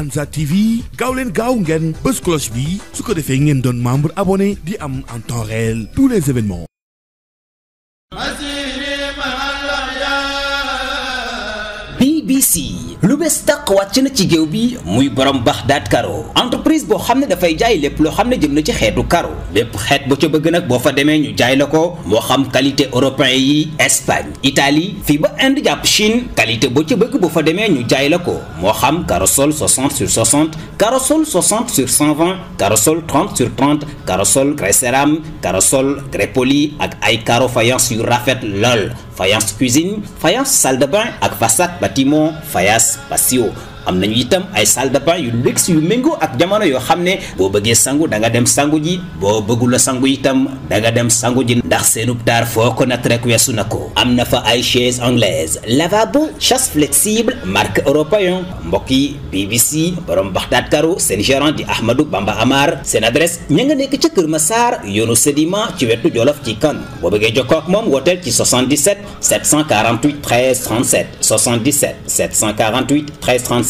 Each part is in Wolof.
Ansar TV gaulen leen gaaw ngeen que cloche bi su ko membre abonné di am en temps réel tous les événements lu bees tàq wàcc na ci géew bi muy borom Baxdaad Karo entreprise boo xam ne dafay jaay lépp loo xam ne jëm na ci xeetu karo lépp xeet ba ca bëgg nag boo fa demee ñu jaay la ko moo xam qualité européen yi Espagne Italie fii ba Inde jàpp Chine qualité boo ca bëgg boo fa demee ñu jaay la ko moo xam karosol 60 sur 60 karosol 60 sur 120 karosol 30 sur 30 karosol grès cérame karosol grès poli ak ay caro faïence yu rafet lool Fayance cuisine faïence salle de bain et façade bâtiment faïence patio am nañu itam ay salle de bain yu luxe yu méngoo ak jamono yoo xam ne boo bëggee sangu danga dem sangu ji boo bëggul a sangu itam da nga dem sangu ji ndax seenub taar foo ko nat rek weesu na ko am na fa ay chaise anglaise lavabo chasse flexible marque européen mbokk yi BBC borom baxtaat karo seen gérant di Ahmadou Bamba Amar seen adresse ña nga nekk ca Kër Massar yoonu Sédiment ci wetu Jolof ci kan boo bëggee jokkoo ak moom wooteel ci 77 748 13 37 77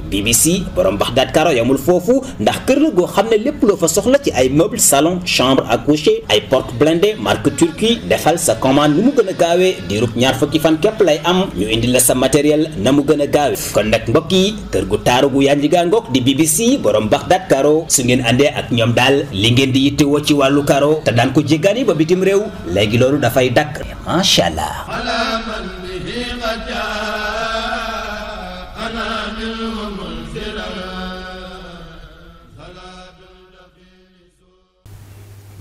BBC borom Bagdad Karo yamul foofu ndax kër la goo xam ne lépp loo fa soxla ci ay meuble salon chambre à coucher ay porte blindée marque turquie defal sa commande nu mu gën gaawee diirub ñaar fukki fan képp lay am ñu indi la sa matériel na mu gën a gaawee kon nag mbokk yi kër gu taaru gu yaa njigaa ngoog di BBC boroom Bagdad Karo su ngeen àndee ak ñoom daal li ngeen di yittewoo ci wàllu karo te daan ko jéggaani ba bitim réew léegi loolu dafay dakk macha allah.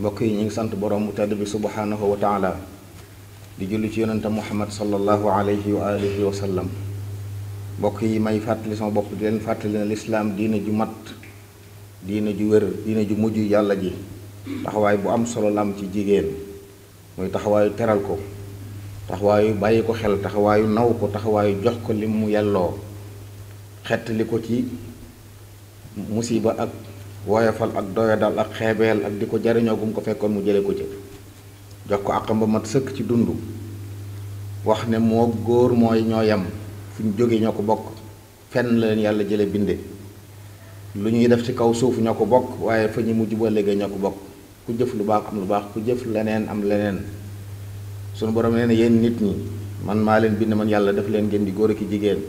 mbokk yi ñu ngi sant borom bu tedd bi subhaanahu wa taala di julli ci yonente muhammad sallallahu alayhi wa alihi wa sallam mbokk yi may fàttali sama bopp di leen fàttali na lislaam diina ju matt diina ju wér diina ju mujj yàlla ji taxawaay bu am solo la am ci jigéen muy taxawaayu teral ko taxawaayu bàyyi ko xel taxawaayu naw ko taxawaayu jox ko li mu yelloo xettali ko ci musiba ak woyofal ak doyadal ak xeebeel ak di ko jariñoo bu mu ko fekkoon mu jële ko ci jox ko àqam mat sëkk ci dund wax ne moo góor mooy ñoo yam fu ñu jógee ñoo ko bokk fenn la leen yàlla jële binde lu ñuy def ci kaw suuf ñoo ko bokk waaye fa ñu mujj ba léegi ñoo ko bokk ku jëf lu baax am lu baax ku jëf leneen am leneen sunu borom nee na yéen nit ñi man maa leen bind man yàlla daf leen ngeen di góor ak jigéen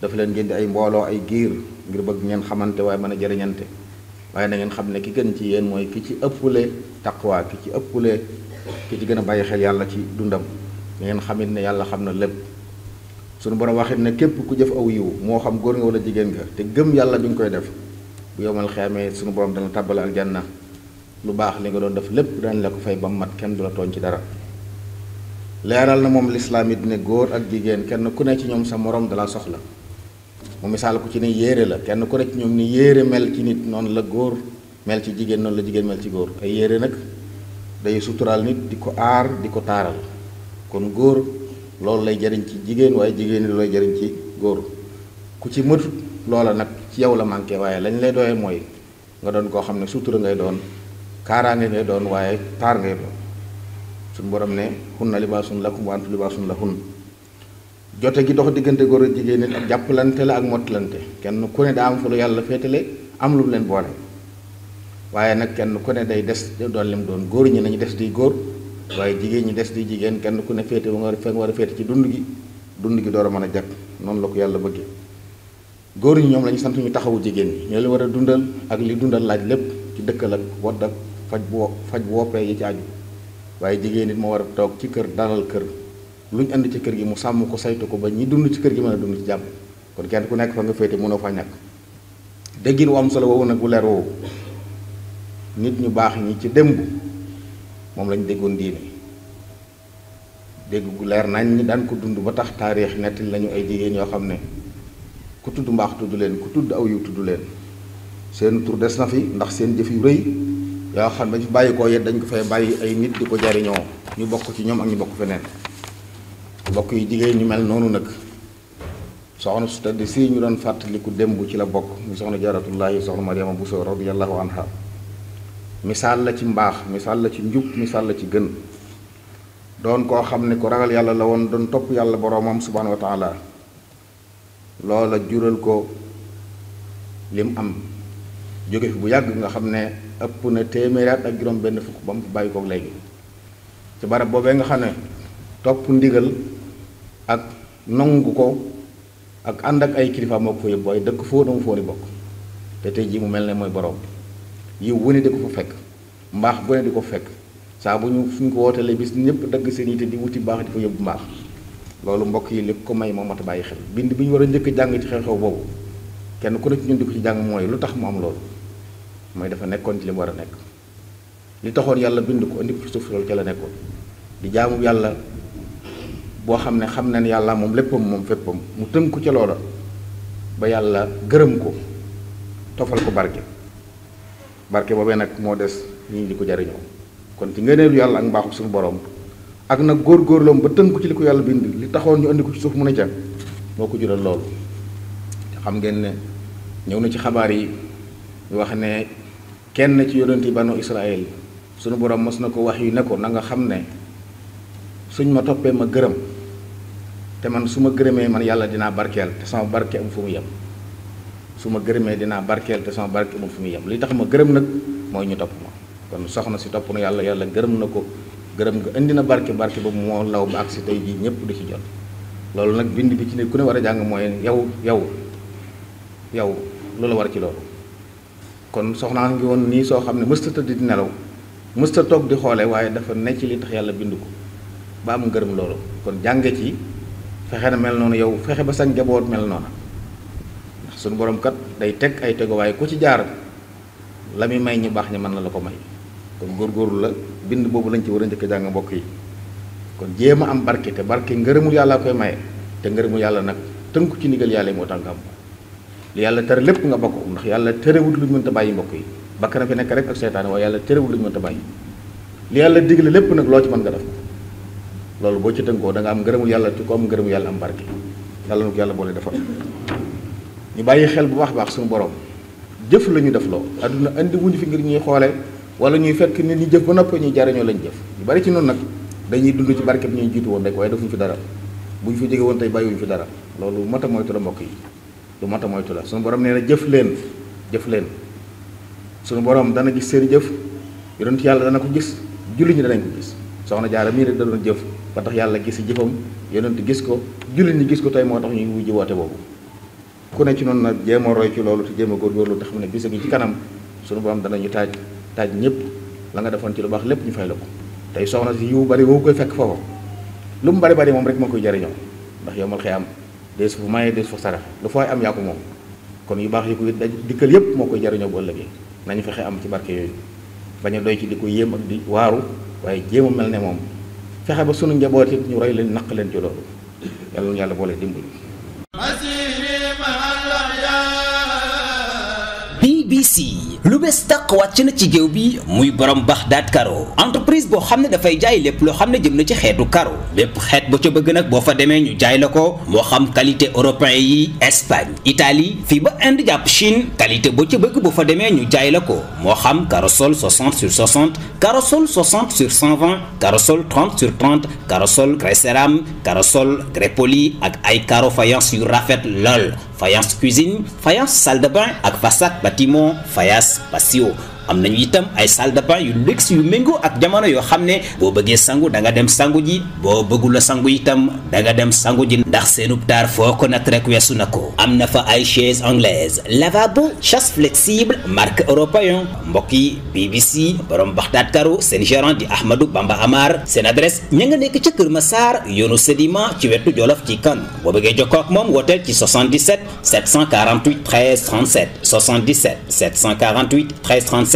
daf leen ngeen di ay mbooloo ay giir ngir bëgg ngeen xamante waaye mën a jëriñante waaye na ngeen xam ne ki gën ci yéen mooy ki ci ëppule taqwa ki ci ki ci xel ci dundam na ngeen xamit ne yàlla xam na lépp sunu borom waxit ne képp ku jëf aw yiw moo xam góor nga wala jigéen nga te gëm yàlla bi nga koy def bu yomal xeemee sunu borom dana tàbbale aljanna lu baax li nga doon def la ko fay ba mat kenn du la ci dara leeral na moom lislaam it ne góor ak jigéen kenn ku ne ci sa morom dala soxla mu misaal ko ci ne yéere la kenn ku rek ñoom ni yéere mel ci nit noonu la góor mel ci jigéen noonu la jigéen mel ci góor ay yéere nag day suturaal nit di ko aar di ko taaral kon góor loolu lay jariñ ci jigéen waaye jigéen ñi lay jariñ ci góor ku ci mut loola nag ci yow la manqué waaye lañ lay doyee mooy nga doon koo xam ne sutura ngay doon kaaraange ngay doon waaye taar ngay doon suñ borom ne hunna libaasun lakum wa antum libaasun lahun jote gi dox diggante góor ak jigéen nit ak jàppalante la ak mottalante kenn ku ne daa am fu lu yàlla féetale am lu mu leen boole waaye nag kenn ku ne day des doon lim doon góor ñi nañu des di góor waaye jigéen ñi des di jigéen kenn ku ne féete ba nga fa nga war a féete ci dund gi dund gi door a mën a jag noonu la ko yàlla bëgge góor ñi ñoom la sant ñu taxawu jigéen ñi ñoo leen war a dundal ak li dundal laaj lépp ci dëkkal ak wadd ak faj bu faj bu woppee yi ci waaye jigéen nit moo war a toog ci kër dalal kër lu ñu andi ci kër gi mu sàmm ko saytu ko ba ñi dund ci kër gi mën a dund ci jàmm kon kenn ku nekk fa nga féete mënoo fa ñàkk déggin wu am solo woowu nag bu leer woowu nit ñu baax ñi ci démb moom lañ déggoon diine dégg gu leer nañ ñi daan ko dund ba tax taarix nettali lañu ay jigéen yoo xam ku tudd ku aw yu seen na fi ndax seen jëf yu rëy yoo xam ne dañ ko fay bàyyi ay nit di ko ñu bokk ci ñoom ak ñu bokk mbokk yi jigéen ñu mel noonu nag soxna su si ñu doon fàttaliku démb ci la bokk mu soxna jaaratullaahi soxna Mariama Bousso radiyallahu anha misaal la ci mbaax misaal la ci njub misaal la ci gën doon koo xam ne ku ragal yàlla la woon doon topp yàlla boroomam subhaanahu wa taala loola jural ko lim am jóge fi bu yàgg nga xam ne ëpp na téeméeri at ak juróom benn fukk ba mu fi bàyyi koog léegi ci barab boobee nga xam ne topp ndigal ak nangu ko ak ànd ak ay kilifa moo ko fa yóbbu waaye dëkk foo dama foo ni bokk te tey jii mu mel ne mooy borom yiw wane di ko fa fekk mbaax gone di ko fekk saa bu ñu suñ ko wootelee bis ñëpp dagg seen yite di wuti baax di fa yóbbu mbaax loolu mbokk yi li ko may moom mat a bàyyi xel bind bi ñu war a njëkk jàng ci xew-xew boobu kenn ku ne ci ñun ko ci jàng mooy lu tax mu am loolu mooy dafa nekkoon ci li mu war a nekk li taxoon yàlla bind ko indi ci suuf ca la nekkoon di jaamu yàlla boo xam ne xam na ne yàlla moom mom moom féppam mu tënku ca loola ba yàlla gërëm ko tofal ko barke barke boobee nag moo des ñii di ko jariñoo kon ci ngëneelu yàlla ak mbaaxu suñu borom ak nag góorgóorloom ba tënku ci li ko bind li taxoon ñu andi ko ci suuf mu ne ca moo ko jural loolu xam ngeen ne ñëw na ci xabaar yi wax ne kenn ci banu Israël sunu borom mos nako ko wax yu ne ko na nga xam ne suñ ma ma gërëm te man su ma gërëmee man yàlla dinaa barkeel te sama barke am fu mu yem su ma gërëmee dinaa barkeel te sama barke amul fu mu yem li tax ma gërëm nag mooy ñu topp ma kon soxna si topp na yàlla yàlla gërëm na ko gërëm nga indi na barke barke ba moo law ba ak si tey jii ñëpp di ci jot loolu nag bind bi ci ne ku ne war a jàng mooy yow yow yow loola war ci loolu kon soxnaa ngi woon nii soo xam ne mësta tëdd di nelaw mësta toog di xoole waaye dafa ne li tax yàlla bind ko ba am ngërëm loolu kon jànge ci fexe na mel noonu yow fexe ba sa njaboot mel noonu ndax suñu borom kat day teg ay teguwaay ku ci jaar la muy may ñu baax ñi mën na la ko may kon góor góorgóorlu la bind boobu lañ ci war a njëkk jàng mbokk yi kon jéem a am barke te barke ngërëmul yàlla koy maye te ngërëmul yàlla nag tënku ci ndigal yàlla yi moo tax nga am li yàlla tere lépp nga bokk ndax yàlla terewut lu ñu mënta bàyyi mbokk yi bakk na fi nekk rek ak seytaane waaye yàlla terewu lu ñu mënta bàyyi li yàlla digle lépp nag loo ci mën nga loolu boo ci tënkoo da nga am ngërëmu yàlla ci ko am ngërëmu yàlla am barke yàlla na ko yàlla boole defar ñu bàyyi xel bu baax baax suñu borom jëf la ñu def loo àdduna andi wuñu fi ngir ñuy xoole wala ñuy fekk nit ñi jëf napp noppi ñuy jariñoo lañ jëf ñu bari ci noonu nag dañuy dund ci barke bi ñuy jiitu woon rek waaye defuñu fi dara bu ñu fi jóge woon tey bàyyiwuñu fi dara loolu lu a moytu la mbokk yi lu mat a moytu la suñu borom nee na jëf leen jëf leen suñu borom dana gis seen jëf yonent yàlla dana ko gis julli ñi danañ ko gis soxna jaara rek da doon ba tax yàlla gis jëfam yonent gis ko jullit ñi gis ko tey moo tax ñu wujji woote boobu ku ne ci noonu nag jéem a roy ci loolu te jéem a góorgóorlu te xam ne bisa gi ci kanam suñu borom danañu taaj taaj ñëpp la nga defoon ci lu baax lépp ñu fay la ko tey soxna si yiw bari boobu koy fekk foofa lu mu bari bari moom rek moo koy jariñoo ndax yomal xëy am des fu maye des fu sarax lu fooy am yaa ko moom kon yu baax yi koy dikkal yépp moo koy jariñoo bu ëllëgee nañu fexe am ci barke yooyu bañ a ci di ko yéem ak di waaru waaye jéem mel ne moom fexe ba sunu njaboot it ñu roy leen naq leen ci loolu yàlla na yàlla boole dimbali BBC lu bees tàq wàcc na ci géew bi muy borom Baxdaat Karo entreprise boo xam ne dafay jaay lépp loo xam ne jëm na ci xeetu karo lépp xeet ba ca bëgg nag boo fa demee ñu jaay la ko moo xam qualité européen yi Espagne Italie fii ba Inde jàpp Chine qualité boo ca bëgg boo fa demee ñu jaay la ko moo xam caro-sol 60 sur 60 caro-sol 60 sur 120 caro-sol 30 sur 30 caro-sol grès cérame caro-sol grès ak ay caro faïence yu rafet lool faïence cuisine faïence salle de bain ak façade bâtiment faïence patio am nañu itam ay salle de bain yu luxe yu méngoo ak jamono yo xam bo bëggé sangu da nga dem sangu ji bëggu la sangu itam da nga dem sangu ji ndax seenub taar foo ko nat rek wessu nako amna fa ay chaise anglaise lavabo chasse flexible marque européen mbokki BBC borom baxtaat karu seen gérant di Ahmadou Bamba Amar seen adresse ña nga nekk ca Kër Massar yoonu sedima ci wetu Jolof ci kan bëggé ak ci 77 748 13 37 77 748 13 37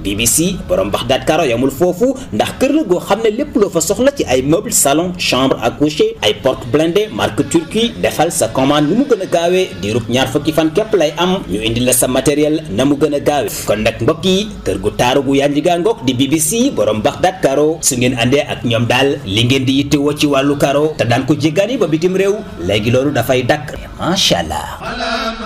BBC borom Bagdad Karo yamul foofu ndax kër la goo xam ne lépp loo fa soxla ci ay meuble salon chambre à coucher ay porte blindée marque turquie defal sa commande nu mu gën a gaawee diirub ñaar fukki fan képp lay am ñu indi la sa matériel na mu gën a gaawee kon nag mbokk yi kër gu taaru gu yanjigaa ngoog di BBC borom Bagdad Karo su ngeen àndee ak ñoom daal li ngeen di yittewoo ci wàllu karo te daan ko jéggaani ba bitim réew léegi loolu dafay dakk macha allah